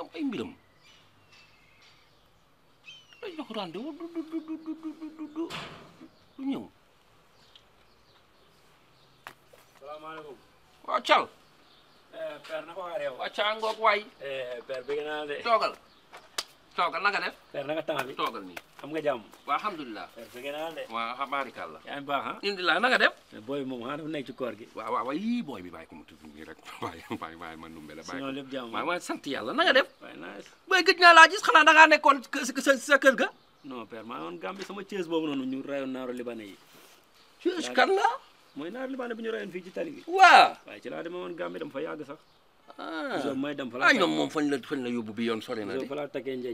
xam ay mbiram day jox rendez-vous du du du du du du du ñëw. salaamaaleykum. waaw Thial. Eh, père na ko waa réew. waa Thial ngoog waay. Eh, père bëgg naa de. toogal toogal na nga def. père na nga temps bi toogal nii am nga jàmm waaw alhamdulilah père eh, fekkee naa de waaw xam baarikàlla yaa ngi na nga def eh, booy moom xanaa dafa nekk ci gi waaw waaw waaye booy bi bàyyi ko mu tudd rek waaye man numbe la bàyyi lépp jàmm sant yàlla na nga def booy gëj naa laa gis xanaa da ngaa nekkoon sa sa kër ga non père maa woon Gambie sama Thiès boobu noonu ñu rayoon naaru libanais yi Thiès kan la mooy naaru libanais bi ñu rayoon fii ci tali wa waaw ci laa dama woon Gambie dama fa yàgg sax ah may dem fa la moom fañ la fañ la yóbbu bi yoon sori na de fa laa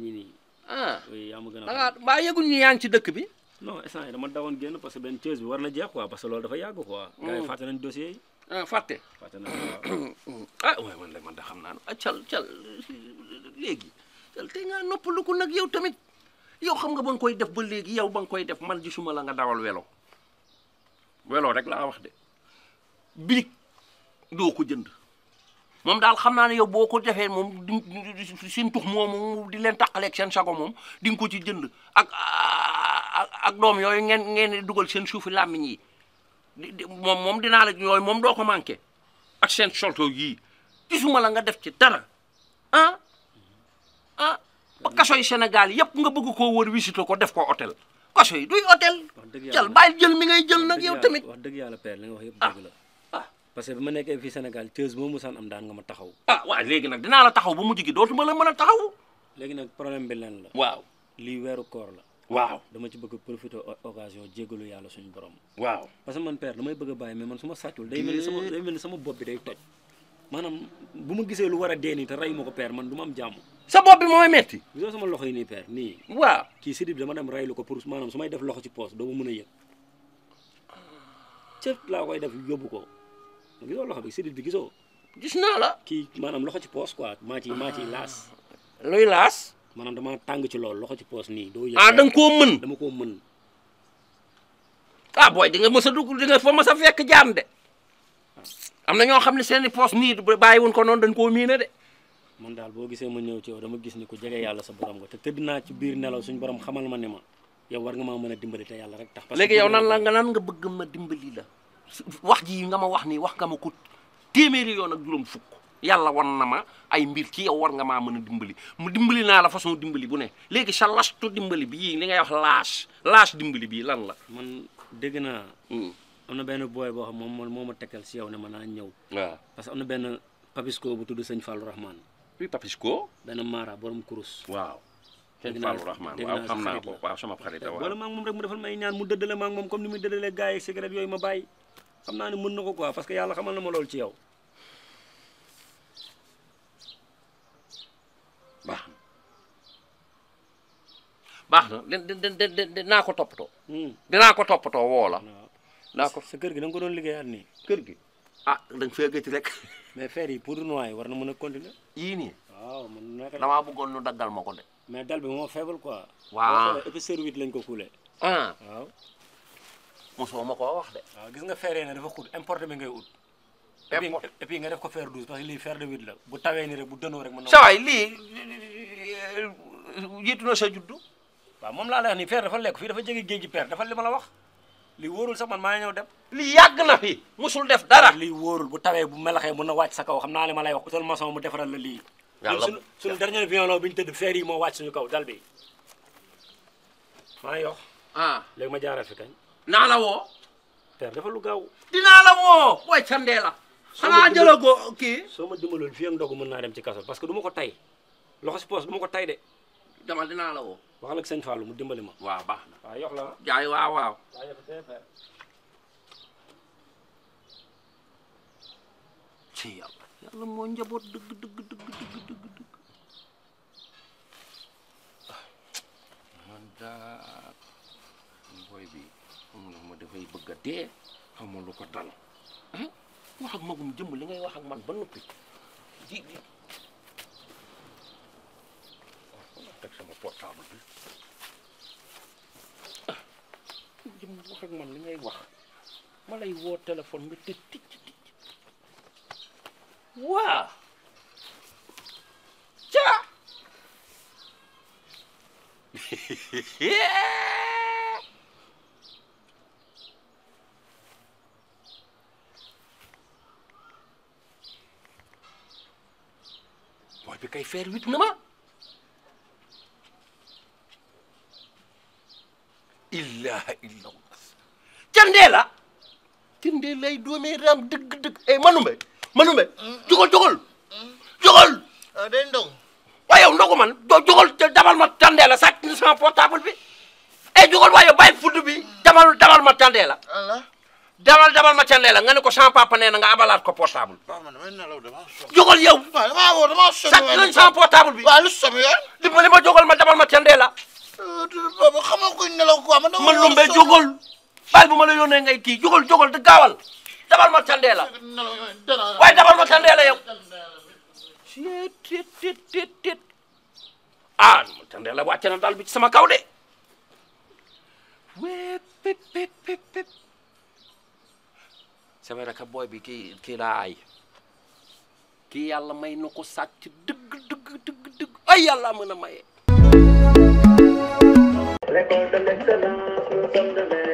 nii ah oui yaa ma a xam da mbaa yëgul ngi ci dëkk bi non instant dama dawoon génn parce que benn thèse bi war na jeex quoi parce que loolu dafa yàgg quoi mm. gars yi fàtte nañ dossier yi ah fàtte fàtte nañ ah waaye man de da xam naa ah cal cal léegi cal te nag yow tamit yow xam nga ba koy def ba léegi yow ba nga koy def man suma la nga dawal welo welo rek laa wax de birig doo ko jënd moom daal xam naa ne yow boo ko defee moom di sin tux moomu di leen tàqaleeg seen sago moom di ko ci jënd ak ak doom yooyu ngeen ngeen dugal seen suufi làmmiñ yi moom moom dinaa la yooyu moom doo ko manqué ak seen solto yii gisuma la nga def ci dara ah ah ba kaso yi Sénégal yëpp nga bëgg koo wër visité ko def ko hôtel kaso yi duy hôtel jël bàyyil jël mi ngay jël nag yow tamit wax dëgg yàlla père wax yëpp ah. dëgg la parce que bi ma nekkee fii Sénégal Thiès moo mosaan am daan nga ma taxaw. ah waaw léegi nag dinaa la taxaw ba mujj gi dootuma la mën a taxaw. léegi nag problème bi lan la. waaw lii weeru koor la. waaw dama ci bëgg a profité occasion jégalu yàlla suñu borom. waaw parce que man père damay bëgg a bàyyi mais man su ma sàccul day mel ni sama day mel ni sama bopp day toj maanaam bu ma gisee lu war a dee nii te rey ma ko père man duma am jàmm. sa bopp bi mooy metti yi nii nii. waaw kii si dama dem reylu ko pour maanaam su may def loxo ci poos doo ma mën a yëg cër laa koy def yóbbu ko. gisoo loxo bi sidit di gisoo. gis naa la. kii maanaam loxo ci poos quoi maa ci maa ciy ah. laas. luy laas. maanaam damaa tàng ci loolu loxo ci poos nii. doo yëg ah da koo mën dama koo mën. ah booy di nga mës a dugg di nga fa mës a fekk jaam de. Ah. am na ñoo xam ne seen i poos nii bàyyi wuñ ko noonu dañ koo miine de. man daal boo gisee ma ñëw ci yow dama gis ni ku jege yàlla sa borom nga te tëdd naa ci biir nelaw suñu borom xamal ma ne ma yow war nga maa mën a dimbali te yàlla rek tax. parce que yow nan la nga nan nga bëgg ma dimbali la. wax ji nga ma wax nii wax nga ma ko téeméeri yoon ak juróom fukk yàlla wan na ma ay mbir ki yow war nga maa man a dimbali mu dimbali naa la façon dimbali bu ne léegi sa lastu dimbali bii li ngay wax laas laas dimbali bii lan la. man dégg naa. Hmm. am na benn booy boo xam moom moo ma tekkal si yow ne ma naa ñëw. waaw parce que am na benn papisco bu tudd sëñ Fallou Rahman. oui papisco. benn maara borom kurus. waaw. sëñ Fallou Rahman waaw maa moom rek mu defal may ñaan mu dëddale maa moom comme ni xam naa ne mën na ko quoi parce que yàlla xamal na ma loolu ci yow baax na baax na ko toppatoo hmm. dinaa ko toppatoo woo la naa ko sa kër gi da nga ko doon liggéeyaat ni kër gi a ah, da nga fee gëj rek mais fer yi pour noy war na mën a continuer yii nii waaw mën na damaa bëggoon nu daggal ma ko de mais dal bi moo faible quoi waaw épisode huit lañ ko kuulee ah mosoo ma koo wax de. gis nga feeree ne dafa xut importe bi ngay ut. importe et puis nga def ko fer douze parce que lii fer de huit la bu tawee nii rek bu dënoo rek. mën na sa waay lii jiitu na sa juddu. waaw moom laa lay wax dafa lekk fii dafa jege géej gi per dafa li ma la wax lii wóorul sax man maa ñëw dem. lii yàgg na fi musul def dara. lii wóorul bu tawee bu melaxee mun na wàcc sa kaw xam naa li ma lay wax utal maçon mu defaral la lii. yàlla suñu suñu dernier bi ñu tëdd feer yi moo wàcc suñu kaw dal bi maa yox ah léegi ma jaaral fi kañ naa la woo. père dafa lu gaaw. dinaa la woo. booy candee la. xanaa ko kii. soo ma dimbaloon fii ak ndogu mën naa dem ci kaso parce que duma ko tay loxo poos du ma ko tay de. dama dinaa la woo. waxal mu dimbali ma. waaw baax la jaay waaw waaw. ci moo njaboot dëgg dëgg dëgg dëgg ngay bëgg a dee xamul lu ko dal ah wax ak magum jëmm li wax ak man ba noppi li ngay wax ma lay woo téléphone nga tëj tëj tëj waa ca kay faire huit na ma illaha illallah candee la candee lay doomee raam dëgg-dëgg e eh, manumbe manumbe jógal jógal jógal ah, day ndong waaye man doo dabal ma candee la sàcc na sama portable bi e eh, jógal waaye yow bàyyi fudd bi dabal ma candee la dabal dabal ma ca la nga ne ko sama papa nee na nga abalaat ko portable. waaw man damay nelaw damaa sonn. jógal yow. waaw damaa bi. waaw lu sonn ma jógal ma dabal ma ca la. boobu xam nga kuy nelaw quoi man. dama man jógal. baal bu ma la yónnee ngay kii jógal jógal te gaawal dabal ma ca la. waaye dabal ma ca la yow. ah ma ca la wàcc na daal bi ci sama kaw de. sama boy bi kii kii laa ay kii yàlla may na ko sàcc dëgg dëgg dëgg dëgg ay yàlla mën a maye.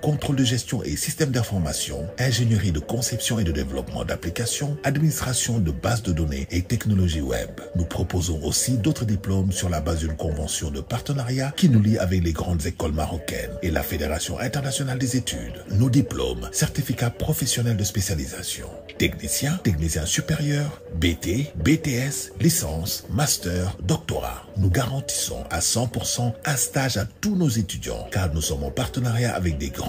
contrôle de gestion et système d'information, ingénierie de conception et de développement d'applications, administration de bases de données et technologies web. Nous proposons aussi d'autres diplômes sur la base d'une convention de partenariat qui nous lie avec les grandes écoles marocaines et la Fédération internationale des études. Nos diplômes, certificats professionnels de spécialisation, technicien, technicien supérieur, BT, BTS, licence, master, doctorat. à 100% un stage à tous nos étudiants car nous sommes partenariat avec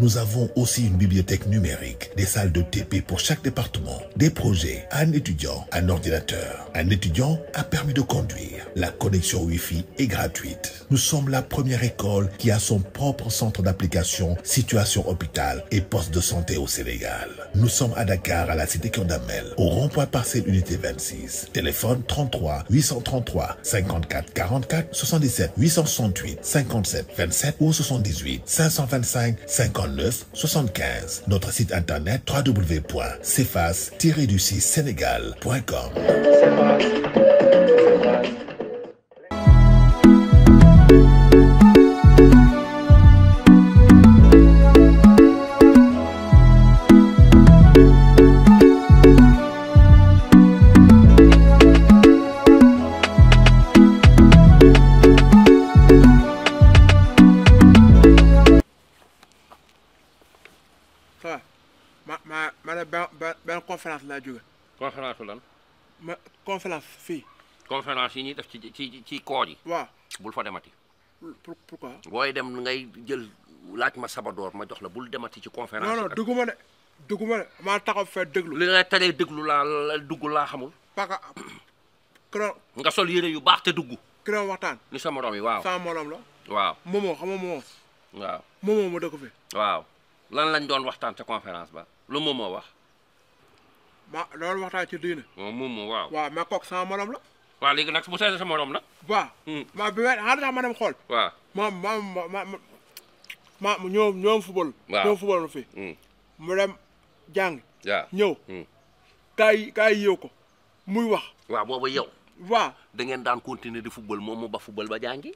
Nous avons aussi une bibliothèque numérique, des salles de TP pour chaque département, des projets, un étudiant, un ordinateur, un étudiant, un permis de conduire. La connexion Wi-Fi est gratuite. Nous sommes la première école qui a son propre centre d'application, situation hôpital et poste de santé au Sénégal. Nous sommes à Dakar, à la cité Kondamel, au rond-point parcelle unité 26. Téléphone 33 833 59 75. Notre site internet www.cefas-du-6sénégal.com. conférence laa jóge conférence lan. ma conférence fii. conférence yi ñuy def ci ci ci koor yi. waaw bul fa demati. pour pourquoi. booy dem ngay jël laaj ma door ma jox la bul demati ci conférence. non non duguma de duguma de maa taxaw fee déglu. li lay teree déglu laa la dugg laa xamul. parce que nga sol yére yu baax te dugg. ki waxtaan. ni sama morom yi waaw. sa morom la. waaw moomoo xam nga moomoo. waaw moomoo ma dëkk fi. lan lañ doon waxtaan ca conférence ba lu moomoo wax. ma loolu waxtaan ci diine. moom moom moom waaw. waaw ma kook sama la. waa léegi nag bu seetee sa morom la. waaw. Hmm. ma bi weer xaaral sax ma dem xool. waaw ma ma ñoom ñoom football. waaw ñoom fi. Hmm. mu dem jàng. ñëw. Hmm. kaay kaay yëw muy wax. waaw boobu yow. waa da ngeen daan continuer di football moom mu ba football ba jàngi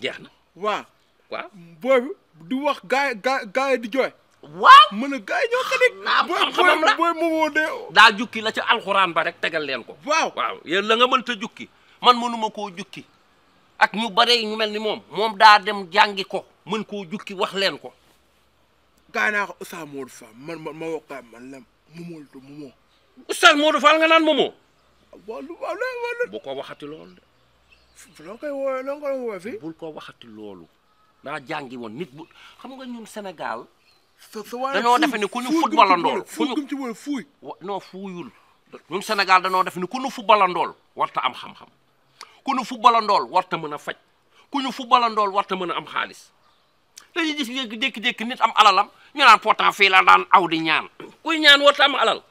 jeex na. waaw. waaw boobu di wax gaay gaay di jooy. waaw mën a gars yi ñoo la booy moomoo de daa jukki la ca alxuraan ba rek tegal leen ko waaw waaw yéen la nga mënta jukki man mënuma koo jukki ak ñu bare ñu mel ni moom moom daa dem jàngi ko mën koo jukki wax leen ko gaa naa ko Oustaz Modou Fall man man ma wax man la mu du momoo Oustaz Modou Fall nga naan momoo walu wal wal bu ko waxati loolu de loo koy woowe loo koy woowe waxati loolu daa jàngi woon nit bu xam nga ñun Sénégal dañoo defe ni ku ñu footballandool fu ñu fuuy non fuuyul ñun Sénégal dañoo def ni ku ñu footballandool warta am xam-xam ku ñu footballandool warta mën a faj ku ñu footballandool warta mën a am xaalis dañuy gis jékki-jékki nit am alalam ñu naan pourtant fii la daan aw di ñaan kuy ñaan warta am alal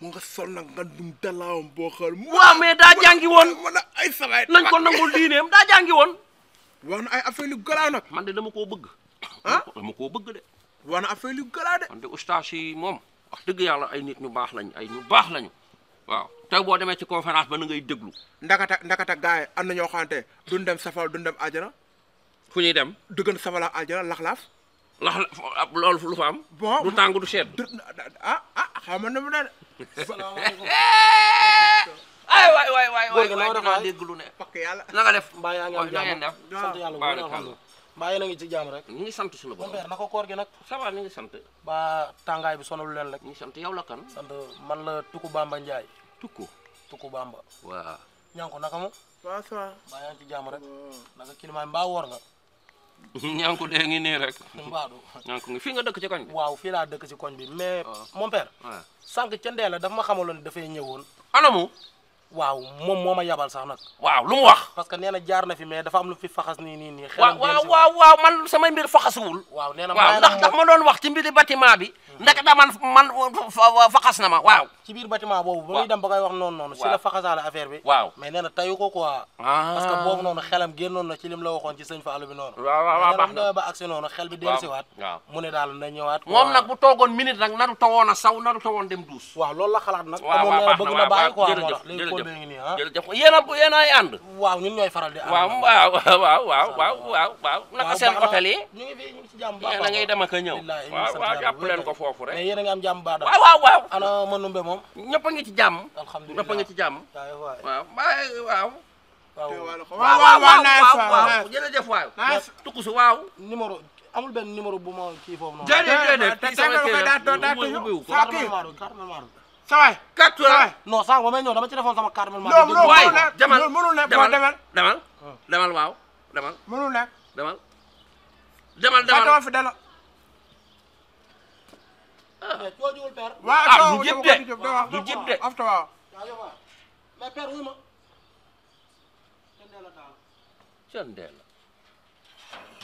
moo nga sol nag nga dum dalaawam woon ay ko nangul diineem daa jàngi woon na ay affaire yu man de dama koo bëgg ah dama koo bëgg de wax a affaire yu de. wante ustaas moom wax dëgg yàlla ay nit ñu baax lañ ay ñu baax lañu waaw te boo demee ci conférence ba na ngay déglu. ndakata ndakata gars yi am na ñoo xamante duñ dem safara duñ dem àjjana. fu ñuy dem. duggan safara àjjana laxlaaf. lax la loolu lu fa am. bon du tàng du sedd. ah ah, ah xam nga ne mu ne. salaamaaleykum. ay waay waay waay waay waay dinaa déglu ne. parce que yàlla na nga def. mbaa yaa ngi am jàmm sant yàlla bu baax mbaa yéen a ngi ci jàmm rek. ñu ngi sant suñu borom père naka koor gi nag. ça va ngi sant. baa tàngaay bi sonalu leen rek. ñu ngi sant yow la kan. sant man la Tuku Bamba Ndiaye. Tuku. Tuku Bamba. waaw. ñànku naka mu. waaw rek. naka climat mbaa woor nga. ñànku dee ngi nii rek. mbaa du fii nga dëkk ci koñ waaw fii laa dëkk si koñ bi mais. Oh. mon père. waaw sànq ca Ndéla daf ma xamaloon dafay ñëwoon. anamu. waaw moom moo a yabal sax nag. waaw lu wax. parce que na jaar na fi mais dafa am fi faxas ni nii nii. xelam waaw waaw waaw man samay mbir faxasuwul. waaw nee na waaw ma doon wax ci mbiri bâtiment bi. Hmm. ndaka da man na ma waaw. ci biir bâtiment boobu. ba muy dem ba koy wax noonu noonu. si la faxasaale affaire bi. waaw mais nee na ah. na ci lim la waxoon ci sëñ Fallou bi noonu. waaw waaw baax na ba agsi noonu xel bi dellusiwaat. waaw mu daal na ñëwaat. moom nag bu toogoon minute nag naru tawoon a saw naru tawoon dem duus. waaw la xalaat nag. waaw waaw Ah. jërëjëf yéen a yéen ay ànd. waaw ñun ñooy faral di ànd. waaw waaw waaw waaw waaw waaw waaw naka seen hôtel yi. ñu dem ak a ñëw. waaw waaw jàpp leen ko foofu rek. mais yéen a ngi am jàmm baax a baax. waaw waaw ana Manumbe moom. ñëpp a ngi ci jàmm. alhamdulilah ñëpp a ngi ci jàmm. waaw waaw. waaw waaw waaw waaw waaw jërëjëf waaw. tukusu waaw. numéro amul benn numéro bu ma kii foofu noonu. sawaay quatre heures non sànq ba may ñëw dama ci defoon sama carte man. non non mënul nekk demal mënul nekk boo demal demal demal waaw demal. mënul nekk demal. demal demal eh, waaw fi ah, dala. jib de du jib de waaw mais père wuy ma. Tendeela.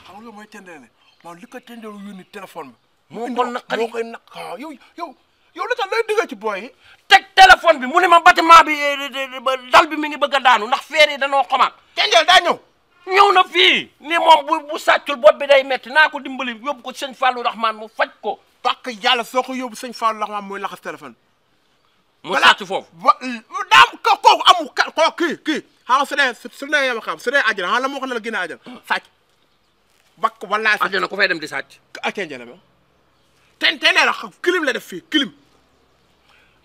xam nga mooy Tendeela man li ko Tendeela yónni téléphone bi. yow lu tax lay diggee ci booy yi. teg téléphone bi mu ne ma bâtiment bi eh, eh, eh, dal bi mi ngi bëgg a daanu ndax feer yi danoo xamaat. Kenjel daa ñëw. ñëw na fii ni moom bu bu sàccul bopp bi day metti naa ko dimbali yóbbu ko sëñ Fallou Rahman mu faj ko. parce yàlla soo ko yóbbu sëñ Fallou Rahman mooy laxas téléphone. mu sàcc foofu voilà daam kooku amul koo kii kii xam su dee su dee yow xam su dee àjjana xam la moo ko ne la gën a àjjana sàcc bakk walaay. ku fay dem di sàcc. ak Kenjel ten tey nee la xam kilim la def fii kilim.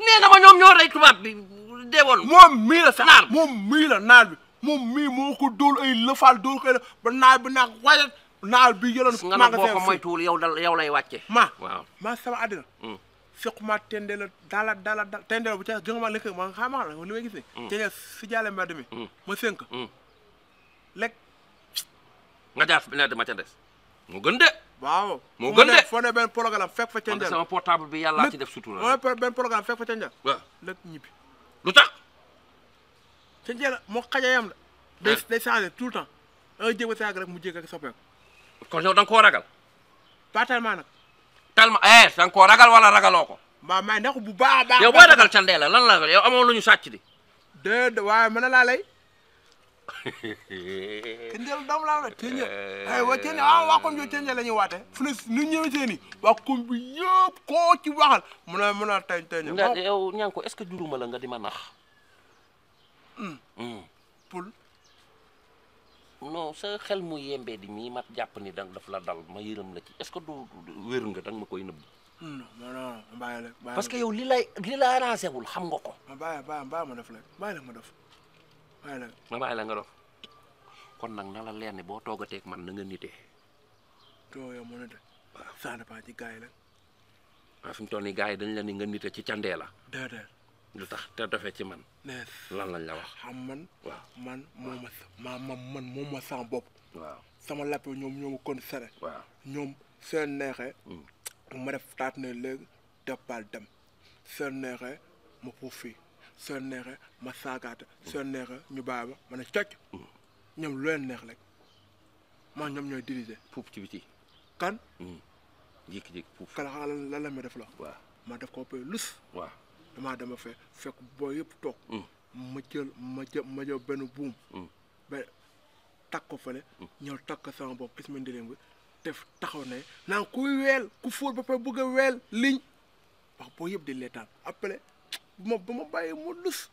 nee na ma ñoom ñoo rey tubaab bi dee woon. moom mii la sax naar moom mii la naar bi moom mii moo ko dóol ay lëfaal dóol ko ba naar bi naag wayat naar bi yoroon. maa nga boo ko moytuwul yow dal yow lay wàcce. ma waaw maa sama àddina. sequma mm. tendee la daala daala tendee la bu ca gën ma lekk ma xam ma li may gis ne. Mm. tendee si jaale mbedd mi. Mm. ma sënk. lekk. nga jaar fi nawet ma ca des. moo gën de. waaw moo gën de foo ne benn programme fekk fa ca njël sama portable la foo ne benn programme fekk fa ca njël waaw lu tax ca moo xaja yam la day eh. day changé tout le temps un jéem mu jéeg ak soppeeku kon yow da nga koo ragal pas tellement nag tellement eh da nga koo ragal wala ragaloo ko waaw may ndax bu baax a baax yow boo ragal ca ndee la lan la yow amoon lu ñu sàcc di déedéet waaye mën na laa lay Kenjel doomu laa la Kenjel eh. aywa eh, Kenjel ah waa koñ bi Kenjel la ñuy waatee fu ne nu ñëwee Kenjel waa koñ bi yëpp koo ci waxal mun a mun a yow ñaan ko est-ce que juruma la nga di ma nax. Hmm. Hmm. Poul. non sa xel mu yembee di mii ma jàpp ni dang daf la dal ma yërëm la ci est-ce que du wér nga ma koy nëbb. Hmm, non non bàyyi la parce que yow li lay li la arrangé wul xam nga ko. bàyyi bàyyi ma def la ma def. ma bàyyi la nga dof kon nag na la leer ne boo toogatee ak man na nga nitee. doo yow mën na de. waaw ça dépend ci gars yi la. waaw fi mu toll nii gars yi dañ la ni nga nite ci candee la. déedéet. lu tax te dofee ci man. lan lañ la wax. xam man. waaw man moo ma ma ma man moo ma sama bopp. waaw sama lappe ñoom ñoo ma kon sere. waaw ñoom seen neexee. Mm. ma def taat ne léegi def baal dem seen neexee ma foofu fii. soo neexee ma saakaata soo neexee ñu bàyyi ma ma ne ñoom lu leen neex rek ma ñoom ñooy diriger. puup ci biti. kan. Hmm. jékki-jékki puup. kala xaaral la ma def la. waaw ma def ko pay lus. waaw damaa dama fee fekk booy yëpp toog. Hmm. ma jël ma benn buum. Hmm. ba takk ko fële. ñëw takk sama bopp gis ma ndirim bi def taxaw ne naan kuy weel ku fóot ba pare bëgg a weel liñ wax boo yëpp di leetaan après. bu ma bu ma bàyyi mu lus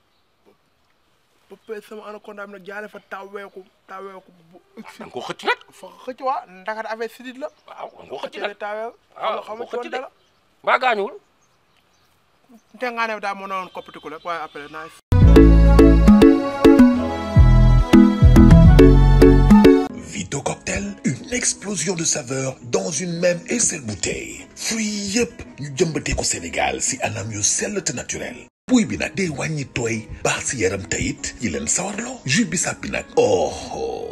ba sama anaconda na jaare fa taweeku taweeku bu. Ah, da nga xëcc nag. fa xëcc waa ndakar affaire sidit la. waaw da nga koo xëcc nag taweeku. waaw ah, xam nga xëcc dara. mbaa gaañuwul. te ngaa ne waaye après naa. Vito cocktail une explosion de saveurs dans une même et seule bouteille fruits yëpp ñu jëmbatee ko Sénégal si anam yu sell te naturel. puy bi nag day wàññi tooy baax si yaram tayit yi leen sawarloo jus bi sàppi nag oh, oh.